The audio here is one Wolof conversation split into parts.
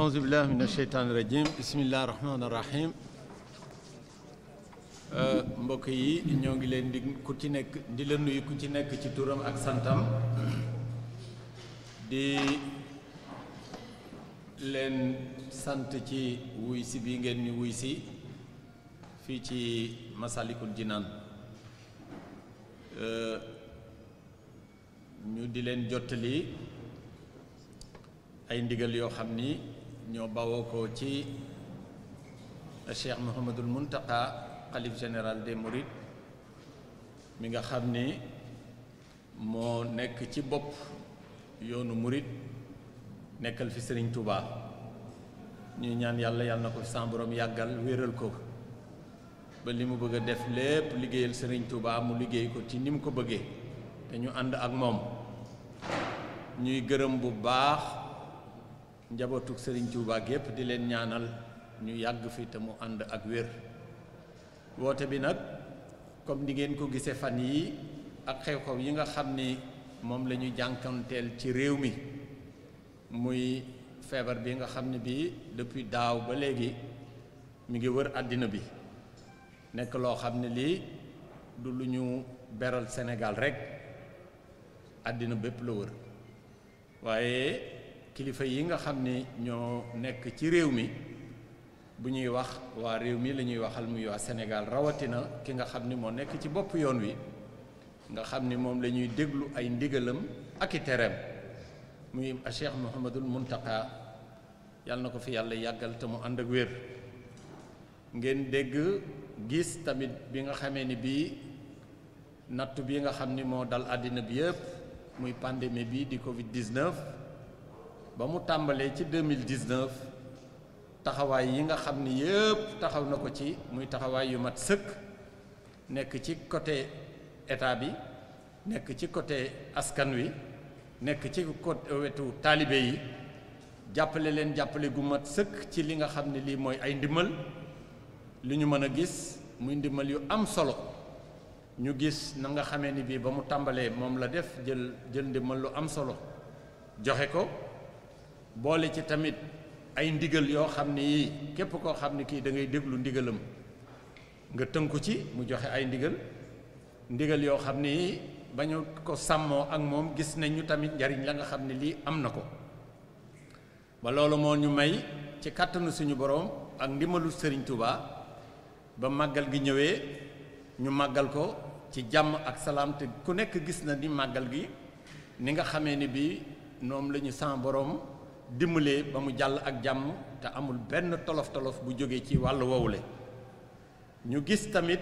auzu billahi min asheytaani rajim bismillahi mbokk yi ñoo ngi leen di ku ci nekk di la nuyu ku ci nekk ci turam ak santam di leen sant ci wuy si bi ngeen ñu wuy si fii ci Masalikul Jinaan ñu di leen jottali ay ndigal yoo xam ni ñoo bawoo ko ci Cheikh Mouhamadul Mountakha xalif général de Mourides mi nga xam ni moo nekk ci bopp yoonu murit nekkal fi Serigne Touba ñuy ñaan yàlla yàlla na ko fi yàggal wéeral ko ba li mu bëgg a def lépp liggéeyal Serigne tubaa mu liggéey ko ci ni mu ko bëggee te ñu ànd ak moom ñuy gërëm bu baax. njabootuk sëriñ Touba gépp di leen ñaanal ñu yàgg fi te mu ànd ak wér woote bi nag comme ni ngeen ko gisee fan yi ak xew-xew yi nga xam ni moom la ñu jànkanteel ci réew mi muy feebar bi nga xam ne bii depuis daaw ba léegi mu ngi wër àddina bi nekk loo xam ne lii du lu ñu beral senegal rek àddina bépp la wër waaye kilifa yi nga xam ni ñoo nekk ci réew mi bu ñuy wax waa réew mi la ñuy waxal muy waa Sénégal rawatina ki nga xam ni moo nekk ci bopp yoon wi nga xam ni moom lañuy déglu ay ndigalam ak i tereem muy Cheikh Mouhamadul Mountakha yàlla na ko fi yàlla yàggal te mu ànd ak wér ngeen dégg gis tamit bi nga xamee ni bii nattu bi nga xam ni moo dal àddina bi yëpp muy pandémie bi di Covid 19. ba mu tàmbalee ci 2019 taxawaay yi nga xam ni yëpp taxaw na ko ci muy taxawaay yu mat sëkk nekk ci côté état bi nekk ci côté askan wi nekk ci côté wetu taalibe yi jàppale leen jàppale gu mat sëkk ci li nga xam ne lii mooy ay ndimbal lu ñu mën a gis muy ndimbal yu am solo ñu gis na nga xamee ni bii ba mu tàmbalee moom la def jël jël ndimbal lu am solo joxe ko boole ci tamit ay ndigal yoo xam ne yii képp koo xam ne kii da ngay déglu ndigalam nga tënku ci mu joxe ay ndigal ndigal yoo xam ne yii ba ñu ko sàmmoo ak moom gis ñu tamit njariñ la nga xam ne lii am na ko ba loolu moo ñu may ci kàttanu suñu boroom ak ndimbalu Sëriñ Tuubaa ba màggal gi ñëwee ñu màggal ko ci jàmm ak salaam te ku nekk gis na ni màggal gi ni nga xamee ni bii noom lañu ñu boroom dimbalee ba mu jàll ak jàmm te amul benn tolof tolof bu jóge ci wàllu woowule ñu gis tamit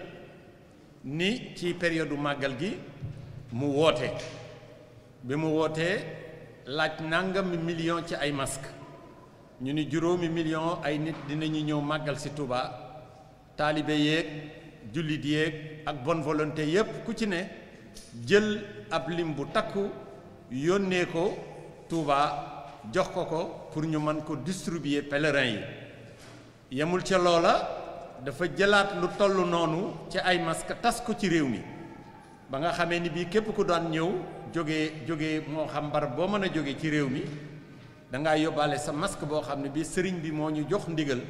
ni ci période màggal gi mu woote bi mu wootee laaj nangam million ci ay mask ñu ni juróomi million ay nit dinañu ñëw màggal si Touba taalibe yeeg jullit yeeg ak bonne volonté yépp ku ci ne jël ab lim bu takku yónnee ko Touba jox ko ko pour ñu mën ko distribuer pèlerins yi yemul ca loola dafa jëlaat lu toll noonu ci ay masque tas ko ci réew mi ba nga xamee ni bii képp ku daan ñëw jóge jóge moo xam barab boo mën a jóge ci réew mi da ngaa yóbbaale sa masque boo xam ne bii sëriñ bi moo ñu jox ndigal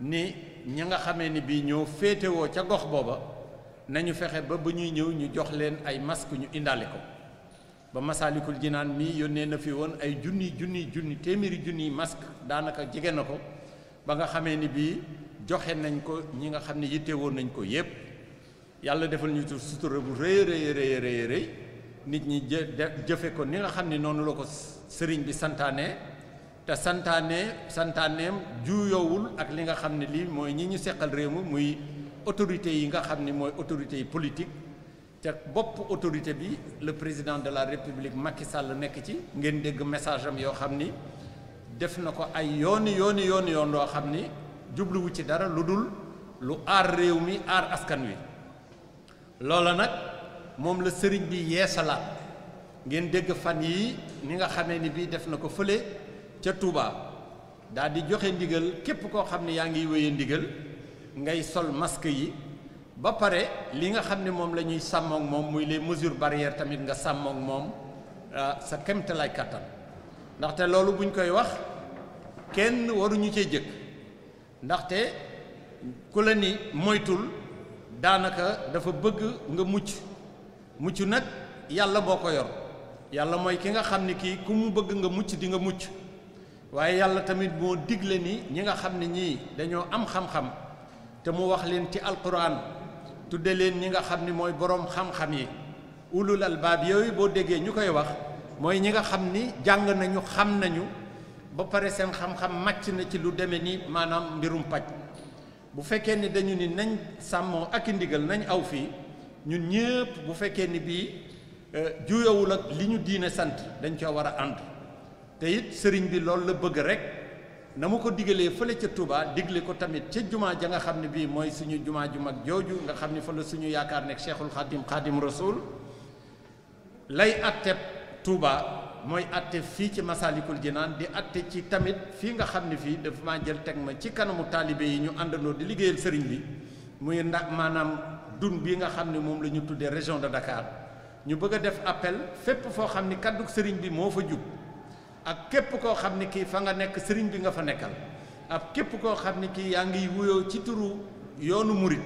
ni ñi nga xamee ni bii ñoo féetewoo ca gox booba nañu fexe ba ba ñuy ñëw ñu jox leen ay masque ñu indaale ko ba masaalikul jinaan mii yónnee na fi woon ay junni junni junni téeméeri junni masque daanaka jege na ko ba nga xamee ni bii joxe nañ ko ñi nga xam ne yitte woon nañ ko yépp yàlla defal ñu tur sutura bu rëy rëy rëy nit ñi jëfe ko ni nga xam ne noonu la ko sëriñ bi santaane te santaane santaaneem juuyowul ak li nga xam ne lii mooy ñi ñu seqal réew mi muy autorité yi nga xam ni mooy autorité yi politique te bopp autorité bi le président de la république makki Sall nekk ci ngeen dégg message am yoo xam ni def na ko ay yoon yoon yooni yoon loo xam ni jubluwu ci dara lu dul lu aar réew mi aar askan wi loola nag moom la sëriñ bi yeesalaat ngeen dégg fan yi ni nga xame ni bii def na ko fële ca Touba daal di joxe ndigal képp koo xam ne yaa ngiy wéye ndigal ngay sol masque yi ba pare li nga xam ne moom la ñuy sàmmoog moom muy les mesures barrières tamit nga sàmmoog moom euh, sa kemtalaay kàttan ndaxte loolu buñ koy wax kenn waruñu cee jëkk ndaxte ku la ni moytul daanaka dafa bëgg nga mucc mucc nag yàlla boo ko yor yàlla mooy ki nga xam ni kii ku mu bëgg nga mucc di nga mucc waaye yàlla tamit moo digle ni ñi nga xam ne ñii dañoo am xam-xam te mu wax leen ci alquran lu leen ñi nga xam ni mooy boroom xam-xam yi ulul albaab yooyu boo déggee ñu koy wax mooy ñi nga xam ni jàng nañu xam nañu ba pare seen xam-xam màcc na ci lu demee ni maanaam mbirum paj bu fekkee ni dañu ni nañ sàmmoo ak ndigal nañ aw fii ñun ñëpp bu fekkee ni bii euh, juyowul ak li ñu diine sant dañ coo war a ànd te it sëriñ bi loolu la bëgg rek na mu ko digalee fële ca Touba digle ko tamit ca jumaa ja nga xam ne bii mooy suñu jumaa ju mag jooju nga xam ne fa la suñu yaakaar nekk Cheikhul Khadim Khadim Rasoul lay àtte Touba mooy àtte fii ci Masalikul Jinaan di àtte ci tamit fii nga xam ne fii dafa maa jël teg ma ci kanamu taalibe yi ñu àndandoo di liggéeyal sëriñ bi muy ndax maanaam dun bi nga xam ne moom la ñu tuddee région de Dakar ñu bëgg def appel fépp foo xam ni kaddu sëriñ bi moo fa jub ak képp koo xam ne kii fa nga nekk sëriñ bi nga fa nekkal ak képp koo xam ne kii yaa ngi wuyoo ci turu yoonu murit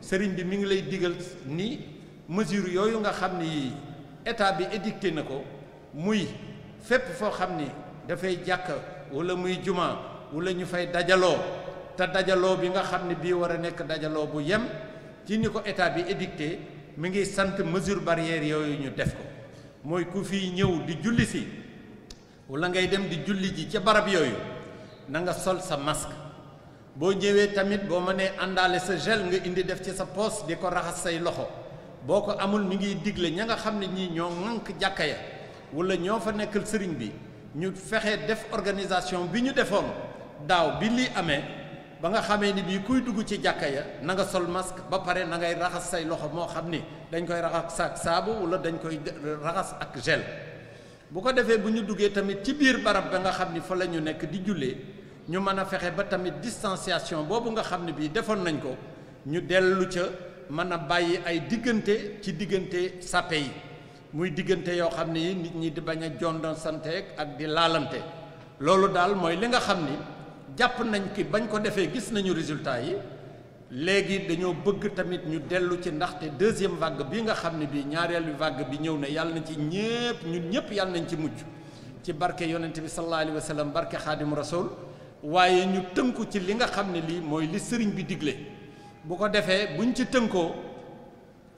sëriñ bi mi ngi lay digal ni mesure yooyu nga xam ni état bi édicté na ko muy fépp foo xam ni dafay jàkk wala muy juma wala ñu fay dajaloo te dajaloo bi nga xam ne bii war a nekk dajaloo bu yem ci ni ko état bi édicté mu ngi sant mesure barrière yooyu ñu def ko mooy ku fi ñëw di julli si wala ngay dem di julli ji ca barab yooyu na nga sol sa masque boo ñëwee tamit boo mënee àndaale sa gel nga indi def ci sa poos di ko raxas say loxo boo ko amul mi ngi digle ña nga xam ne ñii ñoo ŋànk jàkka ya wala ñoo fa nekkal sëriñ bi ñu fexee def organisation bi ñu defoon daaw bi lii amee ba nga xamee ni bii kuy dugg ci jàkka ya na nga sol masque ba pare na ngay raxas say loxo moo xam ni dañ koy raxas ak saabu wala dañ koy raxas ak gel bu ko defee bu ñu duggee tamit ci biir barab ba nga xam ni fa la ñu nekk di jullee ñu mën a fexe ba tamit distanciation boobu nga xam ne bii defoon nañ ko ñu dellu ca mën a bàyyi ay diggante ci diggante sàppe yi muy diggante yoo xam ne nit ñi di bañ a jondon santeeg ak di laalante loolu daal mooy li nga xam ni jàpp nañ ki bañ ko defee gis nañu résultat yi léegi dañoo bëgg tamit ñu dellu ci ndaxte deuxième vague bi nga xam ne bii ñaareelu vague bi ñëw na yàlla na ci ñépp ñun ñépp yàlla nañ ci mujj ci barke yonent bi sallallahu alayhi wa sallam barke xaadimu rasul waaye ñu tënku ci li nga xam ne lii mooy li sëriñ bi digle bu ko defee buñ ci tënkoo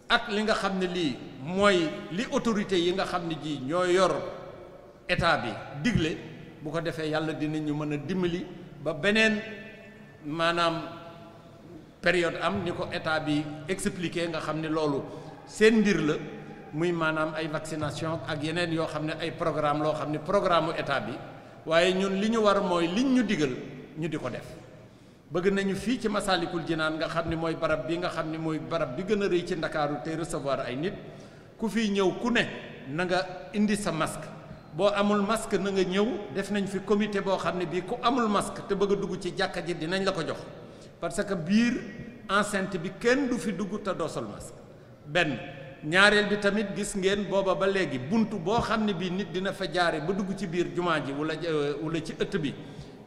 at li nga xam ne lii mooy li autorité yi nga xam ne jii ñoo yor état bi digle bu ko defee yàlla dinañ ñu mën a dimbali ba beneen maanaam période am ni ko état bi expliqué nga xam ne loolu seen mbir la muy maanaam ay vaccination ak yeneen yoo xam ne ay programme loo xam ne programme état bi waaye ñun li ñu war mooy liñ ñu digal ñu di ko def bëgg nañu fii ci Massalikul Jinaan nga xam ne mooy barab bi nga xam ne mooy barab bi gën a rëy ci Ndakaaru tey recevoir ay nit ku fiy ñëw ku ne nanga indi sa masque boo amul masque na nga ñëw def nañ fi comité boo xam ne bii ku amul masque te bëgg dugg ci jàkka ji dinañ la ko jox parce que biir enceinte bi kenn du fi dugg te doosal masque benn ñaareel bi tamit gis ngeen booba ba léegi bunt boo xam ne bii nit dina fa jaare ba dugg ci biir jumaa ji wala euh, wala ci ëtt bi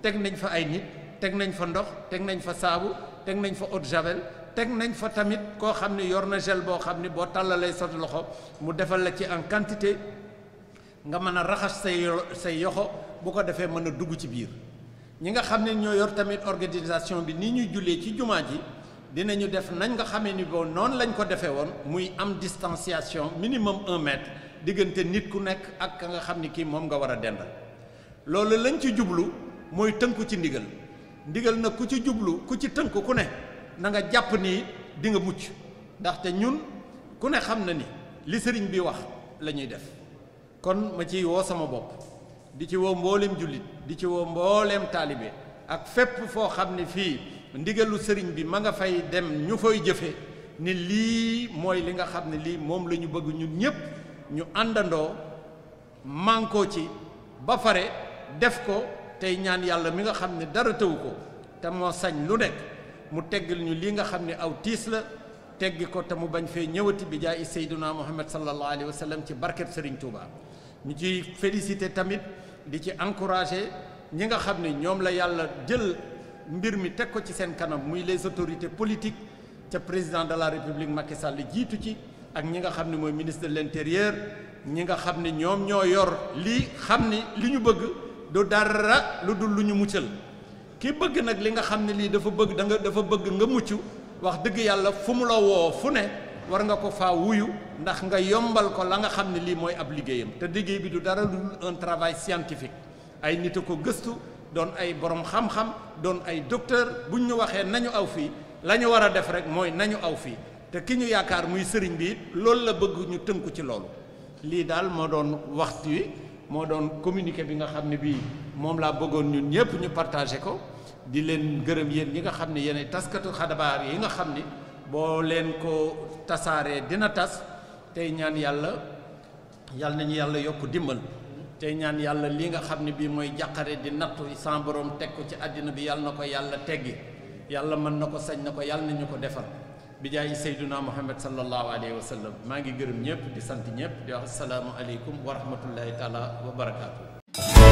teg nañ fa ay nit teg nañ fa ndox teg nañ fa saabu teg nañ fa eau de javel teg nañ fa tamit koo xam ne yor na gel boo xam ne boo tàllalee sa loxo mu defal la ci en quantité nga mën a raxas say say yoxo bu ko defee mën a dugg ci biir ñi nga xam ne ñoo yor tamit organisation bi ni ñuy jullee ci jumaa ji dinañu def nañ nga xamee ni boo noonu lañ ko defee woon muy am distanciation minimum un mètre diggante nit ku nekk ak ka nga xam ni kii moom nga war a dendal loolu lañ ci jublu mooy tënku ci ndigal ndigal na ku ci jublu ku ci tënk ku ne nanga jàpp ni dinga nga mucc ndaxte ñun ku ne xam na ni li sëriñ bi wax la ñuy def kon ma ciy woo sama bopp di ci woo mbooleem jullit di ci woo mbooleem taalibe ak fépp foo xam ne fii ndigalu sëriñ bi ma nga fay dem ñu fay jëfe ne lii mooy li nga xam ne lii moom la ñu bëgg ñun ñépp ñu àndandoo mànkoo ci ba pare def ko tey ñaan yàlla mi nga xam ne dara tëw ko te moo sañ lu nekk mu teggal ñu lii nga xam ne aw tiis la teggi ko te mu bañ fee ñëwati bi jaay Seydina Muhammad sallallahu alayhi wa sallam ci barkeb Sëriñ Tuuba ñu ci félicité tamit di ci encourager ñi nga xam ne ñoom la yàlla jël mbir mi teg ko ci seen kanam muy les autorités politiques ca président de la république Macky Sall jiitu ci ak ñi nga xam ne mooy ministre de l'intérieur ñi nga xam ne ñoom ñoo yor lii xam ni li ñu bëgg du dara lu dul lu ñu muccal ki bëgg nag li nga xam ne lii dafa bëgg da nga dafa bëgg nga mucc wax dëgg yàlla fu mu la woo fu ne war nga ko faa wuyu ndax nga yombal ko la nga xam ne lii mooy ab liggéeyam te liggéey bi du dara lu un travail scientifique ay nit a ko gëstu doon ay borom xam-xam doon ay docteur buñ ñu waxee nañu aw fii la ñu war a def rek mooy nañu aw fii te ki ñu yaakaar muy sëriñ bi it loolu la bëgg ñu tënku ci loolu lii daal moo doon waxtu wi moo doon communiqué bi nga xam ne bii moom laa bëggoon ñun ñëpp ñu partagé ko di leen gërëm yéen ñi nga xam ne yéenay taskatu xadabaar yi nga xam ni boo leen ko tasaaree dina tas tey ñaan yàlla yàlla nañu yàlla yokk dimbal tey ñaan yàlla li nga xam ne bii mooy jàqare di nattu sans borom teg ko ci àddina bi yàlla na ko yàlla teggi yàlla mën na ko sañ na ko yàlla nañu ko defal bi jaay sayduna muhammad sallallahu alayhi wa sallam maa ngi gërëm ñëpp di sant ñëpp di wax asalaamu aleykum wa rahmatullahi taala wa barakaatu.